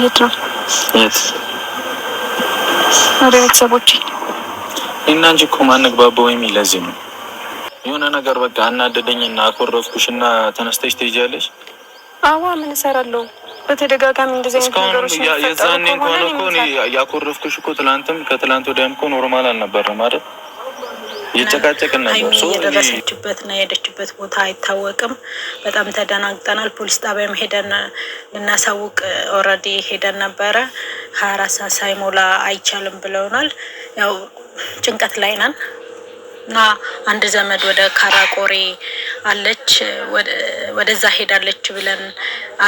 ልትሄድ ነው ወደ ቤተሰቦቼ። እና እንጂ እኮ ማንግባባው ወይም ለዚህ ነው የሆነ ነገር በቃ አናደደኝና አኮረፍኩሽ እና ተነስተሽ ትሄጃለሽ። አዋ ምን እሰራለሁ? በተደጋጋሚ እንደዚህ አይነት ነገሮች የዛኔ እንኳን እኮ ያኮረፍኩሽ እኮ ትላንትም ከትላንት ወዲያም እኮ ኖርማል አልነበረም አይደል? እየጨቃጨቅን ነበር። የደረሰችበትና የሄደችበት ቦታ አይታወቅም። በጣም ተደናግጠናል። ፖሊስ ጣቢያም ሄደን ልናሳውቅ ኦልሬዲ ሄደን ነበረ። ሀያ አራት ሰዓት ሳይሞላ አይቻልም ብለውናል። ያው ጭንቀት ላይ ነን እና አንድ ዘመድ ወደ ካራቆሬ አለች ወደዛ ሄዳለች ብለን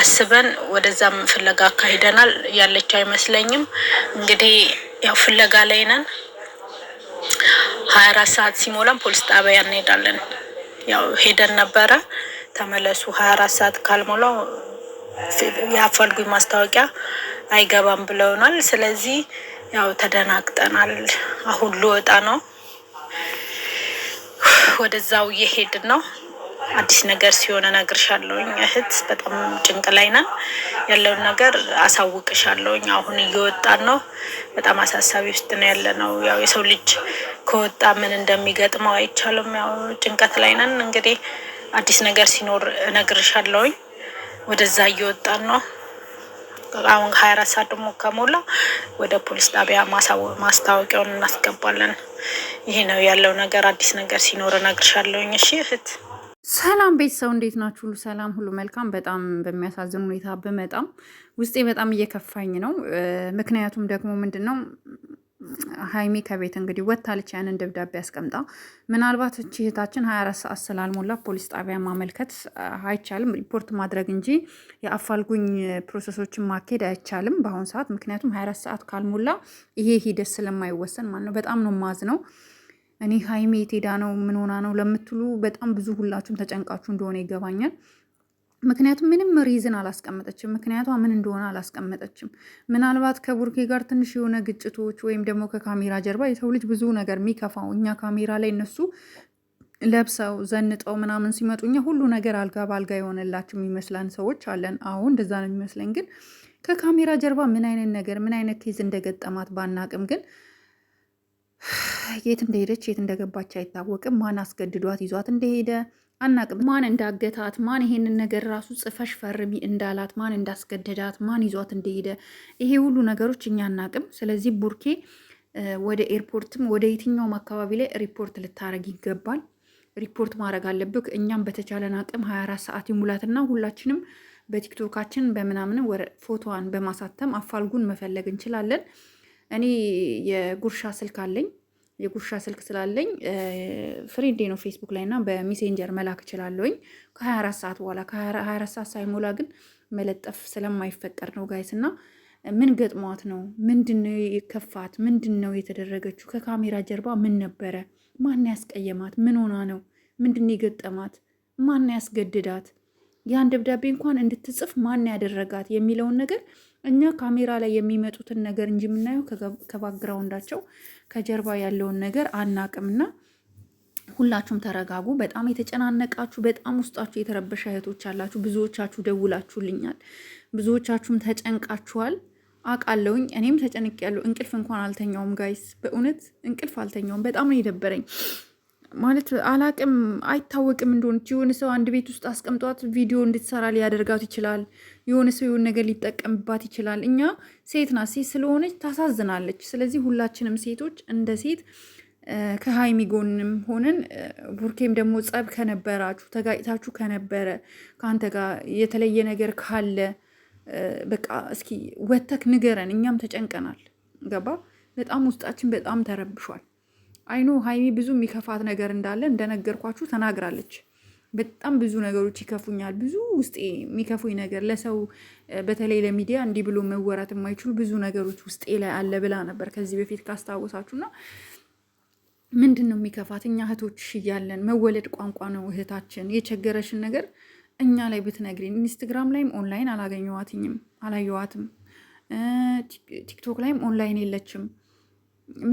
አስበን ወደዛም ፍለጋ አካሂደናል። ያለች አይመስለኝም። እንግዲህ ያው ፍለጋ ላይ ነን። ሀያ አራት ሰዓት ሲሞላም ፖሊስ ጣቢያ እንሄዳለን። ያው ሄደን ነበረ ተመለሱ። ሀያ አራት ሰዓት ካልሞላው የአፋልጉኝ ማስታወቂያ አይገባም ብለውናል። ስለዚህ ያው ተደናግጠናል። አሁን ልወጣ ነው፣ ወደዛው እየሄድን ነው። አዲስ ነገር ሲሆን እነግርሻለሁኝ እህት። በጣም ጭንቅ ላይ ነን። ያለውን ነገር አሳውቅሻለሁኝ። አሁን እየወጣን ነው። በጣም አሳሳቢ ውስጥ ነው ያለ ነው። ያው የሰው ልጅ ከወጣ ምን እንደሚገጥመው አይቻልም። ያው ጭንቀት ላይ ነን። እንግዲህ አዲስ ነገር ሲኖር እነግርሻለሁኝ። ወደዛ እየወጣን ነው። አሁን ሀያ አራት ሰዓት ደግሞ ከሞላ ወደ ፖሊስ ጣቢያ ማስታወቂያውን እናስገባለን። ይሄ ነው ያለው ነገር። አዲስ ነገር ሲኖር እነግርሻለሁኝ። እሺ እህት። ሰላም ቤተሰብ እንዴት ናችሁ? ሁሉ ሰላም፣ ሁሉ መልካም። በጣም በሚያሳዝን ሁኔታ በመጣም ውስጤ በጣም እየከፋኝ ነው። ምክንያቱም ደግሞ ምንድን ነው ሀይሚ ከቤት እንግዲህ ወታለች ያንን ደብዳቤ አስቀምጣ። ምናልባት እቺ እህታችን ሀያ አራት ሰዓት ስላልሞላ ፖሊስ ጣቢያ ማመልከት አይቻልም፣ ሪፖርት ማድረግ እንጂ የአፋልጉኝ ፕሮሰሶችን ማካሄድ አይቻልም በአሁኑ ሰዓት። ምክንያቱም ሀያ አራት ሰዓት ካልሞላ ይሄ ሂደት ስለማይወሰን ማለት ነው። በጣም ነው ማዝ ነው። እኔ ሀይሚ የት ሄዳ ነው ምን ሆና ነው ለምትሉ በጣም ብዙ ሁላችሁም ተጨንቃችሁ እንደሆነ ይገባኛል። ምክንያቱም ምንም ሪዝን አላስቀመጠችም። ምክንያቷ ምን እንደሆነ አላስቀመጠችም። ምናልባት ከቡርኬ ጋር ትንሽ የሆነ ግጭቶች ወይም ደግሞ ከካሜራ ጀርባ የሰው ልጅ ብዙ ነገር የሚከፋው እኛ ካሜራ ላይ እነሱ ለብሰው ዘንጠው ምናምን ሲመጡ እኛ ሁሉ ነገር አልጋ በአልጋ የሆነላቸው የሚመስለን ሰዎች አለን። አሁን እንደዛ ነው የሚመስለኝ። ግን ከካሜራ ጀርባ ምን አይነት ነገር ምን አይነት ኬዝ እንደገጠማት ባናቅም ግን የት እንደሄደች የት እንደገባች አይታወቅም። ማን አስገድዷት ይዟት እንደሄደ አናቅም ማን እንዳገታት ማን ይሄንን ነገር ራሱ ጽፈሽ ፈርሚ እንዳላት ማን እንዳስገደዳት ማን ይዟት እንደሄደ ይሄ ሁሉ ነገሮች እኛ አናቅም። ስለዚህ ቡርኬ ወደ ኤርፖርትም ወደ የትኛውም አካባቢ ላይ ሪፖርት ልታረግ ይገባል። ሪፖርት ማድረግ አለብክ። እኛም በተቻለን አቅም 24 ሰዓት ይሙላትና ሁላችንም በቲክቶካችን በምናምን ፎቶዋን በማሳተም አፋልጉን መፈለግ እንችላለን። እኔ የጉርሻ ስልክ አለኝ የጉርሻ ስልክ ስላለኝ ፍሬንዴ ነው ፌስቡክ ላይ እና በሜሴንጀር መላክ እችላለሁኝ። ከ24 ሰዓት በኋላ ከ24 ሰዓት ሳይሞላ ግን መለጠፍ ስለማይፈቀድ ነው ጋይስ። እና ምን ገጥሟት ነው? ምንድን ነው የከፋት? ምንድን ነው የተደረገችው? ከካሜራ ጀርባ ምን ነበረ? ማን ያስቀየማት? ምን ሆና ነው? ምንድን ነው የገጠማት? ማን ያስገድዳት? ያን ደብዳቤ እንኳን እንድትጽፍ ማን ያደረጋት የሚለውን ነገር እኛ ካሜራ ላይ የሚመጡትን ነገር እንጂ የምናየው ከባክግራውንዳቸው ከጀርባ ያለውን ነገር አናቅምና ሁላችሁም ተረጋጉ። በጣም የተጨናነቃችሁ በጣም ውስጣችሁ የተረበሸ እህቶች አላችሁ። ብዙዎቻችሁ ደውላችሁልኛል። ብዙዎቻችሁም ተጨንቃችኋል። አቃለውኝ እኔም ያለው እንቅልፍ እንኳን አልተኛውም ጋይስ፣ በእውነት እንቅልፍ አልተኛውም። በጣም ነው የደበረኝ። ማለት አላቅም አይታወቅም እንደሆነች የሆነ ሰው አንድ ቤት ውስጥ አስቀምጧት ቪዲዮ እንድትሰራ ሊያደርጋት ይችላል። የሆነ ሰው የሆነ ነገር ሊጠቀምባት ይችላል። እኛ ሴት ናት፣ ሴት ስለሆነች ታሳዝናለች። ስለዚህ ሁላችንም ሴቶች እንደ ሴት ከሀይሚ ጎንም ሆነን ቡርኬም ደግሞ ጸብ ከነበራችሁ ተጋጭታችሁ ከነበረ ከአንተ ጋር የተለየ ነገር ካለ በቃ እስኪ ወተክ ንገረን፣ እኛም ተጨንቀናል። ገባ በጣም ውስጣችን በጣም ተረብሿል። አይኖ ሀይሚ ብዙ የሚከፋት ነገር እንዳለ እንደነገርኳችሁ ተናግራለች። በጣም ብዙ ነገሮች ይከፉኛል፣ ብዙ ውስጤ የሚከፉኝ ነገር ለሰው በተለይ ለሚዲያ እንዲህ ብሎ መወራት የማይችሉ ብዙ ነገሮች ውስጤ ላይ አለ ብላ ነበር ከዚህ በፊት ካስታወሳችሁና ምንድን ነው የሚከፋት? እኛ እህቶች እያለን መወለድ ቋንቋ ነው እህታችን። የቸገረሽን ነገር እኛ ላይ ብትነግሪን። ኢንስትግራም ላይም ኦንላይን አላገኘዋትኝም አላየዋትም። ቲክቶክ ላይም ኦንላይን የለችም።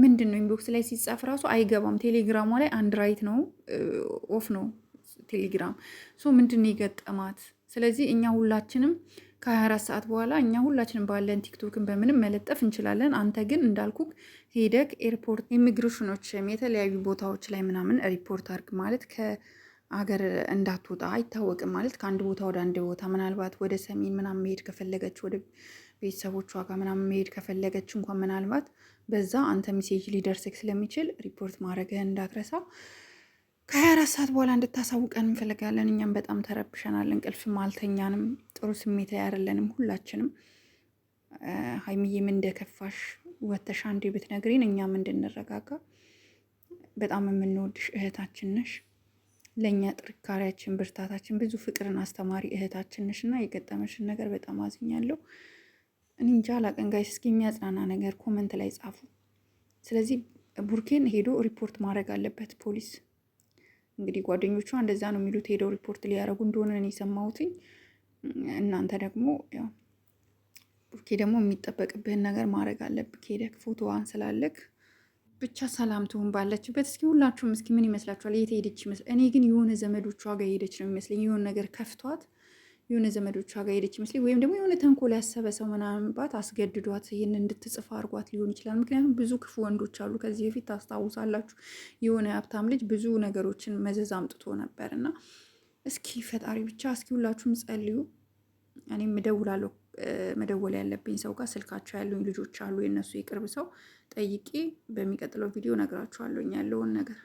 ምንድን ነው ኢንቦክስ ላይ ሲጻፍ ራሱ አይገባም። ቴሌግራሟ ላይ አንድ ራይት ነው ኦፍ ነው ቴሌግራም ሶ ምንድን የገጠማት። ስለዚህ እኛ ሁላችንም ከ24 ሰዓት በኋላ እኛ ሁላችንም ባለን ቲክቶክን በምንም መለጠፍ እንችላለን። አንተ ግን እንዳልኩ ሄደክ ኤርፖርት፣ ኢሚግሬሽኖችም የተለያዩ ቦታዎች ላይ ምናምን ሪፖርት አድርግ ማለት ከአገር እንዳትወጣ አይታወቅም ማለት ከአንድ ቦታ ወደ አንድ ቦታ ምናልባት ወደ ሰሜን ምናምን መሄድ ከፈለገች ወደ ቤተሰቦቿ ጋር ምናምን መሄድ ከፈለገች እንኳን ምናልባት በዛ አንተ ሚሴጅ ሊደርስክ ስለሚችል ሪፖርት ማድረግህን እንዳትረሳ። ከሀያ አራት ሰዓት በኋላ እንድታሳውቀን እንፈልጋለን። እኛም በጣም ተረብሸናል፣ እንቅልፍም አልተኛንም፣ ጥሩ ስሜት ላይ ሁላችንም። ሀይሚዬም እንደከፋሽ ወተሽ አንዴ ብትነግሪን እኛም እንድንረጋጋ። በጣም የምንወድሽ እህታችን ነሽ ለእኛ ጥንካሬያችን፣ ብርታታችን፣ ብዙ ፍቅርን አስተማሪ እህታችን ነሽ እና የገጠመሽን ነገር በጣም አዝኛለሁ። እንጃ አላቅም ጋይስ። እስኪ የሚያጽናና ነገር ኮመንት ላይ ጻፉ። ስለዚህ ቡርኬን ሄዶ ሪፖርት ማድረግ አለበት ፖሊስ። እንግዲህ ጓደኞቿ እንደዛ ነው የሚሉት፣ ሄደው ሪፖርት ሊያደርጉ እንደሆነ የሰማሁትኝ። እናንተ ደግሞ ያው ቡርኬ ደግሞ የሚጠበቅብህን ነገር ማድረግ አለብህ። ሄደክ ፎቶ አንስላለክ ብቻ ሰላም ትሁን ባለችበት። እስኪ ሁላችሁም እስኪ ምን ይመስላችኋል? የት ሄደች ይመስል? እኔ ግን የሆነ ዘመዶቿ ጋር ሄደች ነው የሚመስለኝ የሆነ ነገር ከፍቷት የሆነ ዘመዶቿ ጋር ሄደች ይመስለኝ፣ ወይም ደግሞ የሆነ ተንኮል ያሰበ ሰው ምናምንባት አስገድዷት ይህን እንድትጽፋ አድርጓት ሊሆን ይችላል። ምክንያቱም ብዙ ክፉ ወንዶች አሉ። ከዚህ በፊት ታስታውሳላችሁ፣ የሆነ ሀብታም ልጅ ብዙ ነገሮችን መዘዝ አምጥቶ ነበር። እና እስኪ ፈጣሪ ብቻ እስኪ ሁላችሁም ጸልዩ። እኔም እደውላለሁ መደወል ያለብኝ ሰው ጋር ስልካቸው ያለኝ ልጆች አሉ፣ የእነሱ የቅርብ ሰው ጠይቄ በሚቀጥለው ቪዲዮ ነግራችኋለሁ ያለውን ነገር